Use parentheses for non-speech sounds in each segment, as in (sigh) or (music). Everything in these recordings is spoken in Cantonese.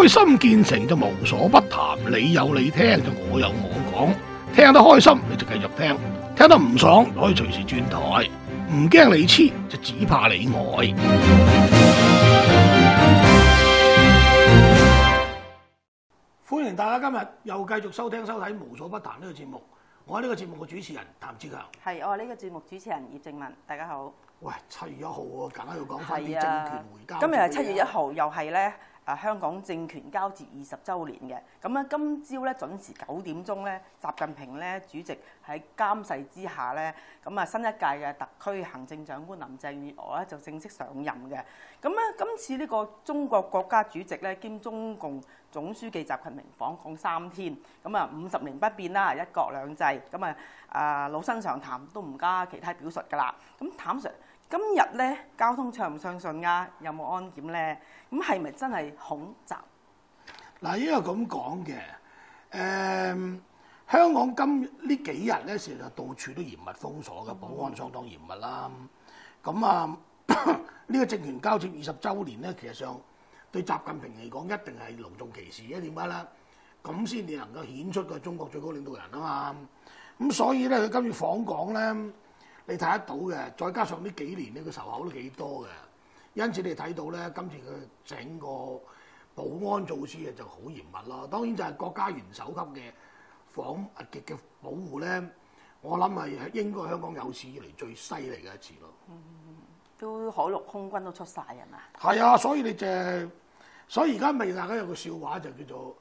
開心見誠就無所不談，你有你聽，就我有我講，聽得開心你就繼續聽，聽得唔爽就可以隨時轉台，唔驚你黐，就只怕你呆。歡迎大家今日又繼續收聽收睇《無所不談》呢個節目，我係呢個節目嘅主持人譚志強，係我係呢個節目主持人葉靜文，大家好。喂，七月一號，我梗係要講翻啲政權移交。今日係七月一號，又係咧。香港政權交接二十週年嘅，咁咧今朝咧準時九點鐘咧，習近平咧主席喺監誓之下咧，咁啊新一屆嘅特區行政長官林鄭月娥咧就正式上任嘅。咁咧今次呢個中國國家主席咧兼中共總書記習近平訪港三天，咁啊五十年不變啦，一國兩制，咁啊啊老生常談都唔加其他表述㗎啦。咁譚 Sir。今日咧交通暢唔暢順啊？有冇安檢咧？咁係咪真係恐襲？嗱，因為咁講嘅，誒香港今呢幾日咧，事實到處都嚴密封鎖嘅，保安相當嚴密啦。咁、嗯、啊，呢 (laughs) 個政權交接二十週年咧，其實上對習近平嚟講一定係隆重其事嘅，點解咧？咁先至能夠顯出個中國最高領導人啊嘛。咁所以咧，佢今次訪港咧。你睇得到嘅，再加上呢幾年呢個仇口都幾多嘅，因此你睇到咧，今次佢整個保安措施啊就好嚴密咯。當然就係國家元首級嘅防極嘅保護咧，我諗係應該香港有史以嚟最犀利嘅一次咯。嗯，都海陸空軍都出晒人嘛？係啊，所以你誒，所以而家未大家有個笑話就叫做誒。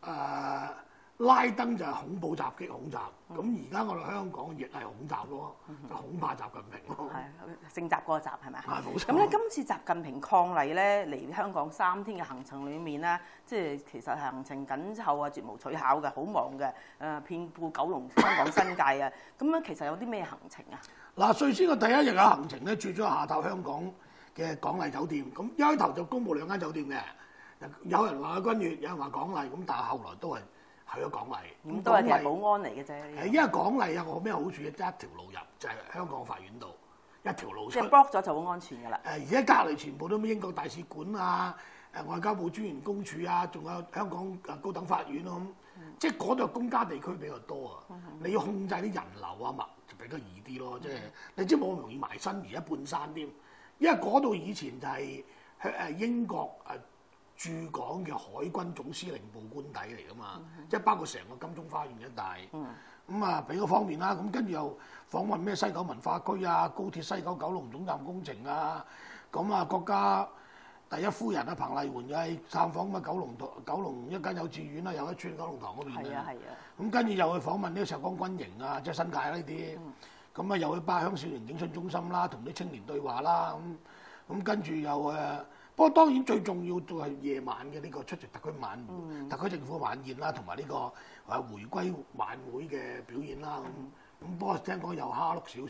呃拉登就係恐怖襲擊恐襲，咁而家我哋香港亦係恐襲咯、嗯，就恐怕習近平咯。係姓習嗰個習係咪？係、嗯、冇、嗯嗯、錯。咁咧，今次習近平抗禮咧嚟香港三天嘅行程裡面咧，即、就、係、是、其實行程緊湊啊，絕無取巧嘅，好忙嘅。誒，遍佈九龍、香港新界啊。咁、嗯、樣其實有啲咩行程啊？嗱，最先嘅第一日嘅行程咧，住咗下榻香港嘅港麗酒店。咁一開頭就公布兩間酒店嘅，有人話君悦，有人話港麗，咁但係後來都係。喺咗港麗，都係保安嚟嘅啫。因為港麗有個咩好處咧？一條路入就係、是、香港法院度，一條路出。即係 block 咗就好安全嘅啦。誒，而家隔籬全部都英國大使館啊、誒外交部專員公署啊，仲有香港誒高等法院咁、嗯，即係嗰度公家地區比較多啊、嗯嗯。你要控制啲人流啊嘛，就比較易啲咯。即、嗯、係、就是、你知冇咁容易埋身而家半山添，因為嗰度以前就係香誒英國誒。駐港嘅海軍總司令部官邸嚟噶嘛，即係包括成個金鐘花園一帶，咁啊比較方便啦、啊。咁跟住又訪問咩西九文化區啊、高鐵西九九龍總站工程啊，咁啊國家第一夫人啊彭麗媛又、啊、去探訪啊九龍九龍一間幼稚園啦、啊，又喺穿九龍塘嗰邊啊。係啊，咁跟住又去訪問呢石崗軍營啊，即、就、係、是、新界呢啲。咁、嗯、啊又去八鄉少年警訊中心啦、啊，同啲青年對話啦、啊。咁咁跟住又誒。不過當然最重要就係夜晚嘅呢個出席特區晚會，嗯、特區政府晚宴啦，同埋呢個誒回歸晚會嘅表演啦。咁、嗯、咁不過聽講又蝦碌少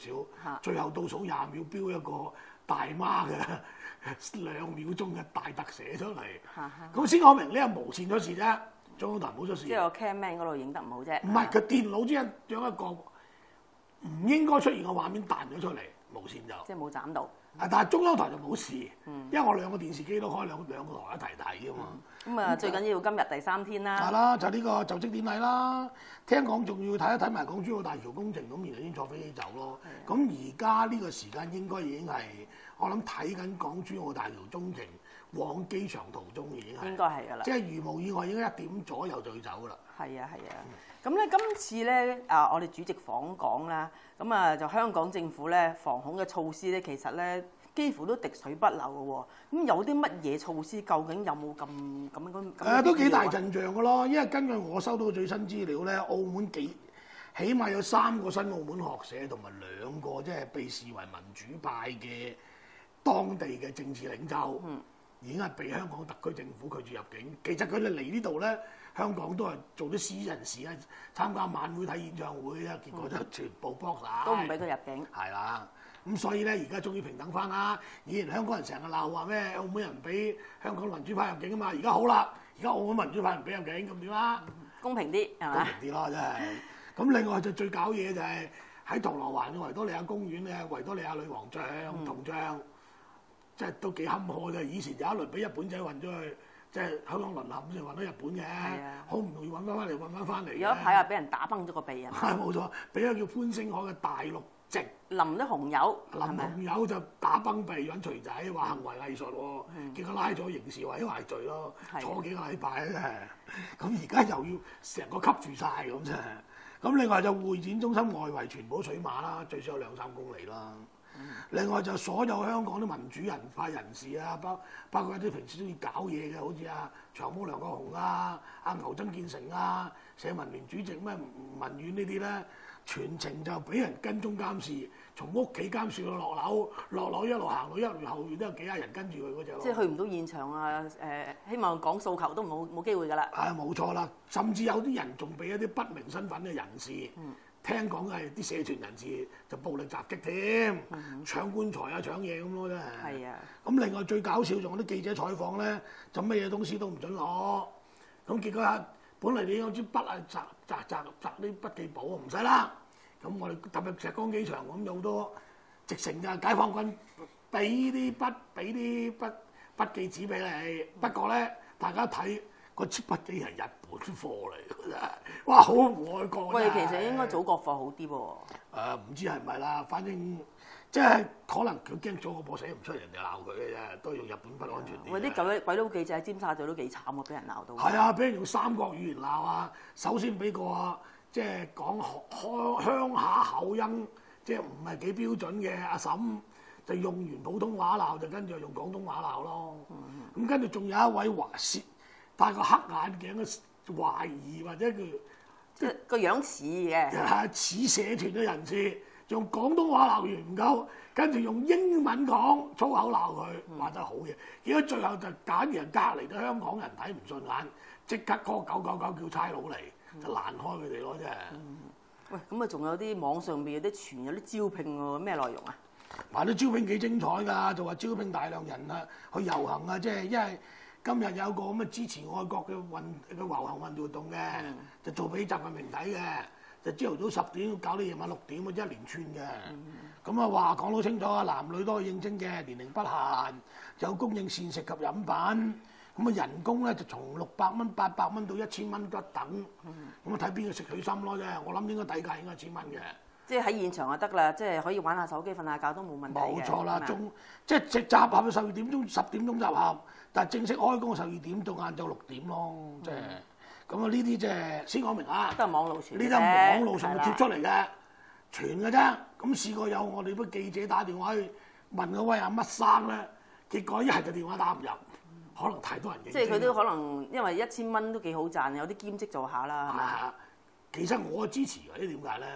少，最後倒數廿秒標一個大媽嘅 (laughs) 兩秒鐘嘅大特寫出嚟。咁先講明呢個無線咗事啫，中央台冇咗事。即係 cam man 嗰度影得唔好啫。唔係佢電腦將一個唔應該出現嘅畫面彈咗出嚟，無線就即係冇斬到。啊、嗯！但係中央台就冇事、嗯，因為我兩個電視機都開兩個兩個台一齊睇啊嘛。咁、嗯、啊、嗯，最緊要今日第三天啦。係啦，就呢、就是、個就職典禮啦。嗯、聽講仲要睇一睇埋港珠澳大橋工程咁，然後先坐飛機走咯。咁而家呢個時間應該已經係我諗睇緊港珠澳大橋工程往機場途中已經係應該係㗎啦。即係如無意外，應該一、就是、點左右就要走啦。係啊，係啊。嗯咁咧，今次咧啊，我哋主席訪港啦，咁啊就香港政府咧防恐嘅措施咧，其實咧幾乎都滴水不漏喎。咁有啲乜嘢措施，究竟有冇咁咁咁嗰？誒，都幾大陣象㗎咯。因為根據我收到嘅最新資料咧，澳門幾起碼有三個新澳門學社，同埋兩個即係被視為民主派嘅當地嘅政治領袖，嗯、已經係被香港特區政府拒絕入境。其實佢哋嚟呢度咧。香港都係做啲私人事啊，參加晚會睇演唱會啊，結果就全部 block 都唔俾佢入境。係啦，咁所以咧而家終於平等翻啦。以前香港人成日鬧話咩澳門人俾香港民主派入境啊嘛，而家好啦，而家澳門民主派唔俾入境咁點啊？公平啲係嘛？公平啲咯，真係。咁另外就最搞嘢就係、是、喺銅鑼灣嘅維多利亞公園嘅維多利亞女皇像、嗯、銅像，即係都幾坎坷㗎。以前有一輪俾日本仔運咗去。即係香港淪陷就運到日本嘅，好唔容易揾翻翻嚟，揾翻翻嚟。有一排話俾人打崩咗個鼻啊！係 (laughs) 冇錯，俾一個叫潘星海嘅大陸籍淋啲紅油，淋紅油就打崩鼻，揾錘仔，話、啊、行為藝術，啊、結果拉咗刑事毀壞罪咯、啊，坐幾個禮拜咧。咁而家又要成個冚住晒咁啫。咁、啊、另外就會展中心外圍全部拒馬啦，最少有兩三公里啦。另外就所有香港啲民主派人士啊，包包括一啲平時中意搞嘢嘅，好似啊，長毛梁國雄啊、阿牛曾建成啊、社民聯主席咩文遠呢啲咧，全程就俾人跟蹤監視，從屋企監視到落樓，落樓一路行到一後院都有幾十人跟住佢嗰隻。即係去唔到現場啊！誒、呃，希望講訴求都冇冇機會㗎啦。係、哎、冇錯啦，甚至有啲人仲俾一啲不明身份嘅人士。嗯聽講係啲社團人士就暴力襲擊添，mm-hmm. 搶棺材啊、搶嘢咁咯，真係。係啊。咁另外最搞笑仲有啲記者採訪咧，就乜嘢東西都唔準攞。咁結果本嚟你攞支筆啊，摘摘摘摘啲筆記簿啊，唔使啦。咁我哋踏入石崗機場咁，有好多直情就係解放軍俾啲筆，俾啲筆筆記紙俾你。不過咧，大家睇。個筆記係日本貨嚟㗎咋。哇，好外國。喂，其實應該祖國貨好啲噃。唔知係咪啦，反正即係可能佢驚咗國貨寫唔出，人哋鬧佢嘅啫，都用日本筆安全啲。喂，啲舊鬼佬記者尖沙咀都幾慘喎，俾人鬧到。係啊，俾人用三國語言鬧啊！首先俾個即係講鄉鄉下口音，即係唔係幾標準嘅阿嬸，就用完普通話鬧，就跟住用廣東話鬧咯。咁、嗯、跟住仲有一位華僑。帶個黑眼鏡嘅懷疑或者叫即個樣似嘅似社團嘅人士，用廣東話鬧完唔夠，跟住用英文講粗口鬧佢，話、嗯、得好嘢。如果最後就揀人隔離啲香港人睇唔順眼，即刻哥九九九叫差佬嚟，就攔開佢哋咯，真係。喂，咁啊，仲有啲網上邊有啲傳有啲招聘喎？咩內容啊？嗱，啲招聘幾精彩㗎，就話招聘大量人啊去遊行啊，即係因為。今日有個咁嘅支持愛國嘅運嘅遊行運動嘅，就做俾習近平睇嘅。就朝頭早十點搞到夜晚六點，一連串嘅。咁、mm-hmm. 啊話講到清楚，男女都可以應徵嘅，年齡不限，有供應膳食及飲品。咁啊人工咧就從六百蚊、八百蚊到 1, 一千蚊不等。咁啊睇邊個食佢心咯啫。我諗應該底價應該千蚊嘅。即係喺現場就得啦，即係可以玩下手機、瞓下覺都冇問題，冇錯啦，仲即係集集合到十二點鐘，十點鐘集合。但正式開工十二點到晏晝六點咯，即係咁啊！呢啲即係先講明啊，呢啲係網路上貼出嚟嘅，傳嘅啫。咁試過有我哋啲記者打電話去問嗰位阿乜生咧，結果一係就電話打唔入，可能太多人嘅、嗯。即係佢都可能因為一千蚊都幾好賺，有啲兼職做下啦。其實我支持嘅，因為點解咧？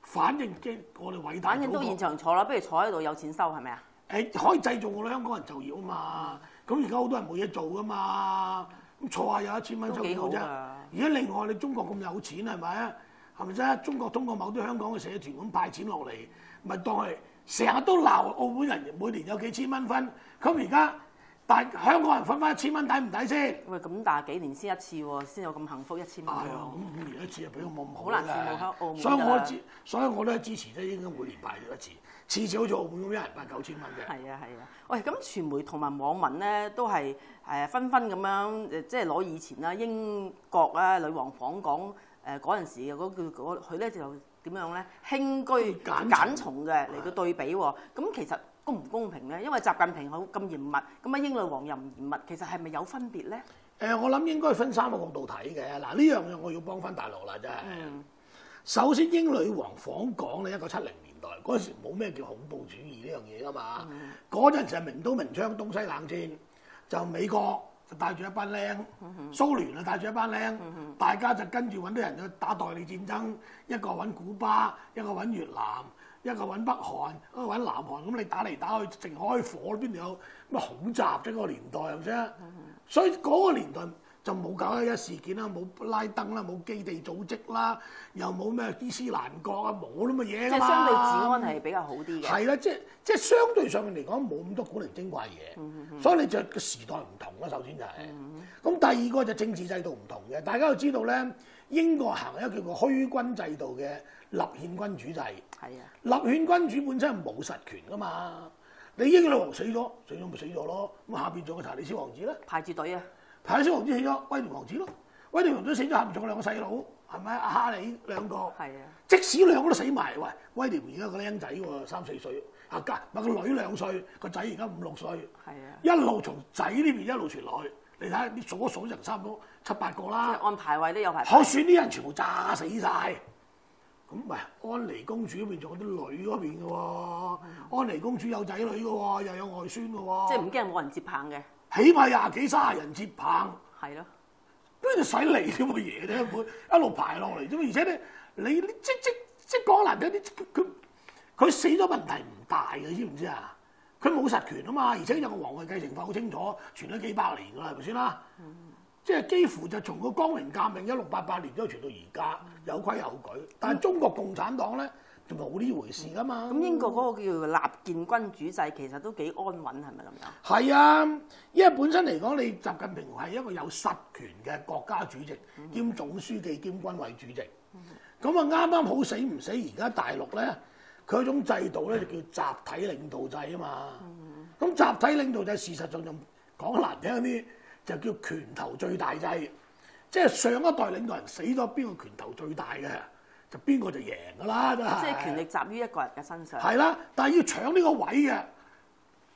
反正即我哋偉大。反正都現場坐啦，不如坐喺度有錢收，係咪啊？誒，可以製造我哋香港人就業啊嘛～、嗯。咁而家好多人冇嘢做噶嘛，坐下有一千蚊收幾好啫。而家另外你中國咁有錢，係咪啊？係咪啫？中國通過某啲香港嘅社團咁派錢落嚟，咪當佢成日都鬧澳門人每年有幾千蚊分，咁而家。香港人分翻一千蚊抵唔抵先？喂，咁但係幾年先一次喎、啊，先有咁幸福一千蚊。係、哎、啊，咁五年一次比我啊，俾個網唔好啦。好難羨慕澳門㗎。所以我支，所以我都係支持咧，應該每年派咗一次，至少做澳門一人派九千蚊嘅。係啊係啊，喂，咁傳媒同埋網民咧都係誒、呃、紛紛咁樣即係攞以前啦，英國啊，女王訪港誒嗰陣時嘅叫佢咧就點樣咧，輕居簡重嘅嚟到對比喎。咁、呃嗯、其實。都唔公平咧？因為習近平好咁嚴密，咁啊英女王又唔嚴密，其實係咪有分別咧、呃？我諗應該分三個角度睇嘅。嗱，呢樣嘢我要幫翻大陸啦，真、嗯、係。首先，英女王訪港咧，一九七零年代嗰陣時冇咩叫恐怖主義呢樣嘢㗎嘛。嗰陣就係明刀明槍東西冷戰，嗯、就美國就帶住一班僆，蘇聯啊帶住一班僆、嗯嗯，大家就跟住搵啲人去打代理戰爭，嗯嗯嗯、一個搵古巴，一個揾越南。一個揾北韓，一個揾南韓，咁你打嚟打去，淨開火，邊度有乜恐襲啫？嗰、那個年代係咪先？所以嗰個年代就冇九一一事件啦，冇拉登啦，冇基地組織啦，又冇咩伊斯蘭國啊，冇啲咁嘅嘢啦。即係相對治安係比較好啲。嘅。係啦，即係即係相對上面嚟講冇咁多古靈精怪嘢、嗯嗯嗯，所以你就個時代唔同啦，首先就係、是。咁、嗯嗯嗯、第二個就是政治制度唔同嘅，大家都知道咧。英國行一個叫做虛君制度嘅立憲君主制，係啊，立憲君主本身係冇實權噶嘛。你英女王死咗，死咗咪死咗咯。咁下邊仲有查理小王子咧？排住隊啊，查理小王子死咗，威廉王子咯。威廉王子死咗，下邊仲有兩個細佬，係咪阿哈里兩個，係啊。即使兩個都死埋，喂，威廉而家個僆仔喎，三四歲，啊家咪個女兩歲，個仔而家五六歲，係啊，一路從仔呢邊一路傳落去。你睇下啲數一數人差唔多七八個啦，即、就是、按排位都有排位。可選啲人全部炸死晒，咁、嗯、唔係安妮公主嗰邊仲有啲女嗰邊嘅喎、嗯，安妮公主有仔女嘅喎，又有外孫嘅喎。即係唔驚冇人接棒嘅。起碼廿幾卅人接棒。係咯，邊度使嚟啲咁嘅嘢咧？一一路排落嚟啫嘛，而且咧，你，你，你即即即講難聽啲，佢佢死咗問題唔大嘅，知唔知啊？佢冇實權啊嘛，而且有個皇位繼承法好清楚，傳咗幾百年噶啦，係咪先啦？即、嗯、係、就是、幾乎就從個光榮革命一六八八年都傳到而家，有規有矩。但係中國共產黨咧就冇呢回事噶嘛。咁、嗯、英國嗰個叫立憲君主制其實都幾安穩，係咪咁樣？係啊，因為本身嚟講，你習近平係一個有實權嘅國家主席兼總書記兼軍委主席。咁啊啱啱好死唔死？而家大陸咧。佢嗰種制度咧就叫集體領導制啊嘛，咁集體領導制事實上就講難聽啲就叫拳頭最大制，即係上一代領導人死咗，邊個拳頭最大嘅就邊個就贏噶啦，即係。即係權力集於一個人嘅身上。係啦，但係要搶呢個位嘅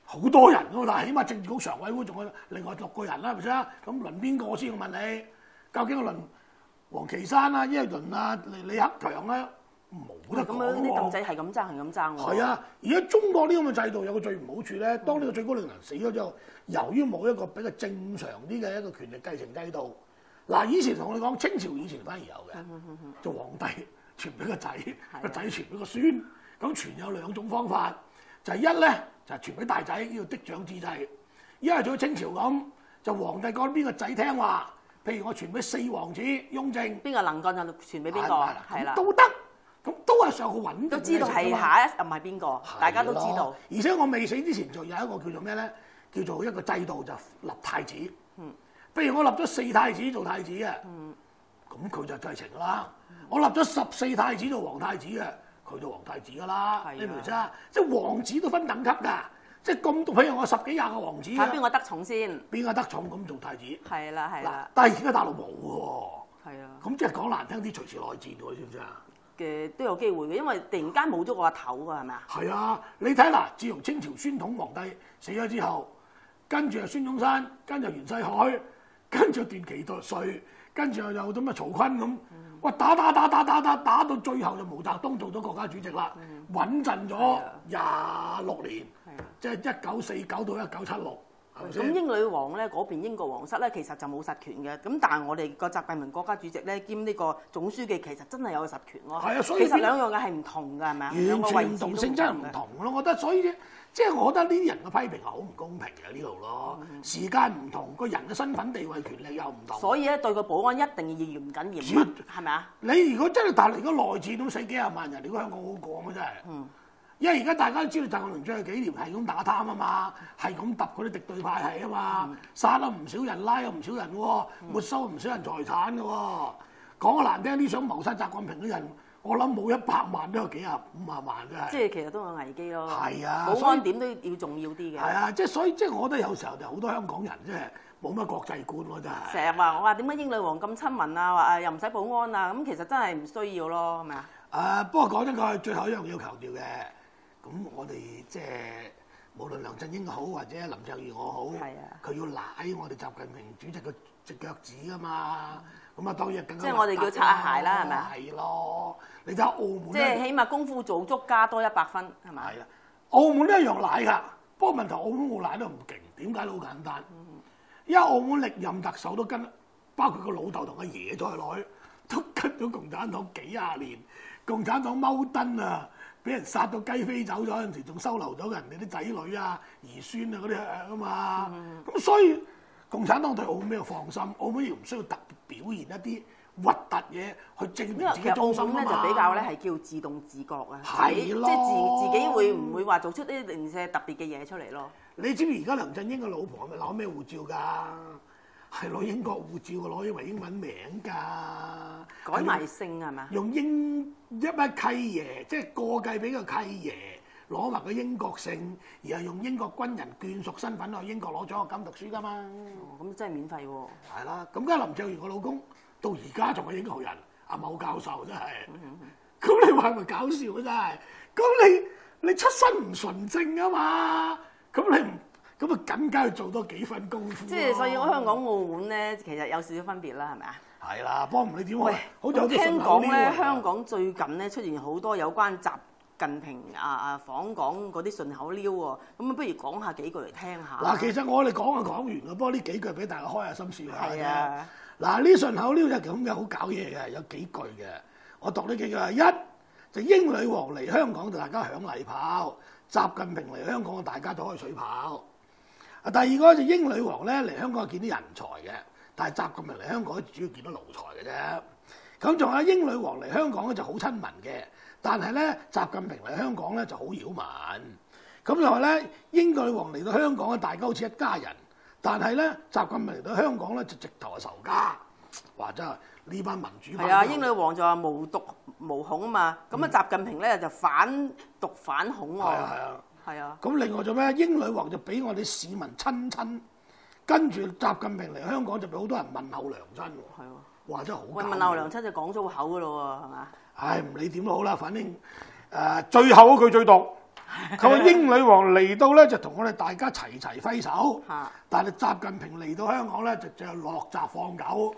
好多人㗎嘛，但係起碼政治局常委會仲有另外六個人啦，咪先咩？咁輪邊個先？我要問你，究竟我輪王岐山啊、耶倫啊、李克強啊？冇得咁、啊、樣啲凳仔係咁爭，係咁爭喎！啊！而家中國呢啲咁嘅制度有個最唔好處咧，當呢個最高領導人死咗之後，由於冇一個比較正常啲嘅一個權力繼承制度。嗱，以前同我哋講清朝以前反而有嘅，做 (laughs) 皇帝傳俾個仔，個仔傳俾個孫。咁傳有兩種方法，就係、是、一咧就係傳俾大仔叫嫡長子制；一係做清朝咁就皇帝講邊個仔聽話。譬如我傳俾四皇子雍正，邊個能幹就傳俾邊個，係啦，都得。咁都係上去穩嘅都知道係下一任係邊個？大家都知道。而且我未死之前，就有一個叫做咩咧？叫做一個制度就立太子。嗯。譬如我立咗四太子做太子啊。嗯。咁佢就繼承啦。我立咗十四太子做皇太子啊。佢做皇太子噶啦。係你明唔明啫？即係皇子都分等級㗎。即係咁，譬如我十幾廿個皇子，睇邊個得寵先。邊個得寵咁做太子？係啦，係啦。但係而家大陸冇喎。係啊。咁即係講難聽啲，隨時內戰喎，你知唔知啊？誒都有機會嘅，因為突然間冇咗個阿頭㗎，係咪啊？係啊！你睇嗱，自從清朝宣統皇帝死咗之後，跟住就孫中山，跟住袁世凱，跟住段祺瑞，跟住又有咁嘅曹坤咁，哇！打打打打打打打到最後就毛澤東做咗國家主席啦，穩陣咗廿六年，即係一九四九到一九七六。咁英女王咧，嗰邊英國皇室咧，其實就冇實權嘅。咁但係我哋個習近平國家主席咧，兼呢個總書記其，其實真係有實權喎。係啊，所以兩樣嘅係唔同㗎，係咪啊？兩個位同，同性質唔同咯，我覺得所以咧，即、就、係、是、我覺得呢啲人嘅批評係好唔公平嘅呢度咯、嗯。時間唔同，個人嘅身份地位權利又唔同。所以咧，對個保安一定要嚴謹嚴，説係咪啊？你如果真係大係如果內戰都死幾廿萬人，你講香港好過咩啫？真因為而家大家都知道，習近平過去幾年係咁打貪啊嘛，係咁揼嗰啲敵對派係啊嘛，殺咗唔少人，拉咗唔少人，沒收唔少人財產嘅喎。講得難聽啲，想謀殺習近平嘅人，我諗冇一百萬都有幾廿五廿萬都係。即係其實都有危機咯。係啊，保安點都要重要啲嘅。係啊，即係所以即係我覺得有時候就好多香港人即係冇乜國際觀咯，真係。成日話我話點解英女王咁親民啊？話又唔使保安啊？咁其實真係唔需要咯，係咪啊？誒，不過講真句，最後一樣要求調嘅。咁我哋即係無論梁振英好或者林鄭月娥好，佢要奶我哋習近平主席嘅隻腳趾啊嘛！咁啊當然更加即係我哋叫擦鞋啦，係咪？係咯，你睇澳門即係起碼功夫做足加多一百分，係咪？係啦，澳門都一樣奶㗎，不過問題澳門個攋都唔勁，點解？好簡單，嗯，因為澳門歷任特首都跟，包括個老豆同個爺在內都跟咗共產黨幾廿年，共產黨踎墩啊！俾人殺到雞飛走咗，有陣時仲收留咗人哋啲仔女啊、兒孫啊嗰啲啊嘛。咁所以共產黨對澳門又放心，澳門又唔需要特別表現一啲核突嘢去證明自己忠心啊嘛。因為其實澳門咧就比較咧係叫自動自覺啊，即係自自己會唔會話做出啲零舍特別嘅嘢出嚟咯？你知唔知而家梁振英嘅老婆係咪攞咩護照㗎？係攞英國護照嘅，攞埋英文名㗎，改埋姓係嘛？用英一乜契爺，即係過繼俾個契爺，攞埋個英國姓，而係用英國軍人眷屬身份去英國攞獎學金讀書㗎嘛？哦，咁真係免費喎、啊。係啦，咁而家林鄭個老公到而家仲係英國人，阿某教授真係，咁、嗯嗯、你話係咪搞笑啊真係？咁你你出身唔純正啊嘛？咁你唔？咁啊，更加要做多幾份功夫，啊。即係所以我香港澳門咧，其實有少少分別啦，係咪啊？係啦，幫唔你點啊？喂，我、啊、聽講咧，香港最近咧出現好多有關習近平啊啊訪港嗰啲順口溜喎。咁啊，不如講下幾句嚟聽下。嗱，其實我哋講啊講完嘅，不過呢幾句俾大，大家開心下心笑下啊，嗱，呢順口溜就咁嘅，好搞嘢嘅，有幾句嘅。我讀呢幾句啊，一就英女王嚟香港就大家響嚟跑，習近平嚟香港啊大家就開水跑。第二個就英女王咧嚟香港係見啲人才嘅，但係習近平嚟香港主要見到奴才嘅啫。咁仲有英女王嚟香港咧就好親民嘅，但係咧習近平嚟香港咧就好擾民。咁就話咧，英女王嚟到香港咧大家好似一家人，但係咧習近平嚟到香港咧就直頭係仇家。話真係呢班民主，係啊，英女王就話無毒無恐啊嘛，咁啊習近平咧就反毒反恐喎。啊係啊。係啊，咁另外做咩？英女王就俾我哋市民親親，跟住習近平嚟香港就俾好多人問候娘親喎。係、啊、哇，真係好！問問候娘親就講粗口噶咯喎，係嘛？唉、哎，唔理點都好啦，反正誒、呃、最後嗰句最毒。佢話、啊、英女王嚟到咧就同我哋大家齊齊揮手，啊、但係習近平嚟到香港咧就就落閘放狗。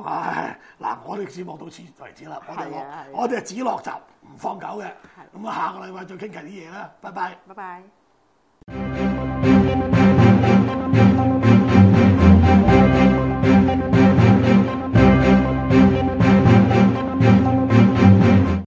嗱，我哋節目到此為止啦，啊啊，我哋落，我哋係只落閘，唔放狗嘅。咁啊，下個禮拜再傾偈啲嘢啦，拜拜，拜拜。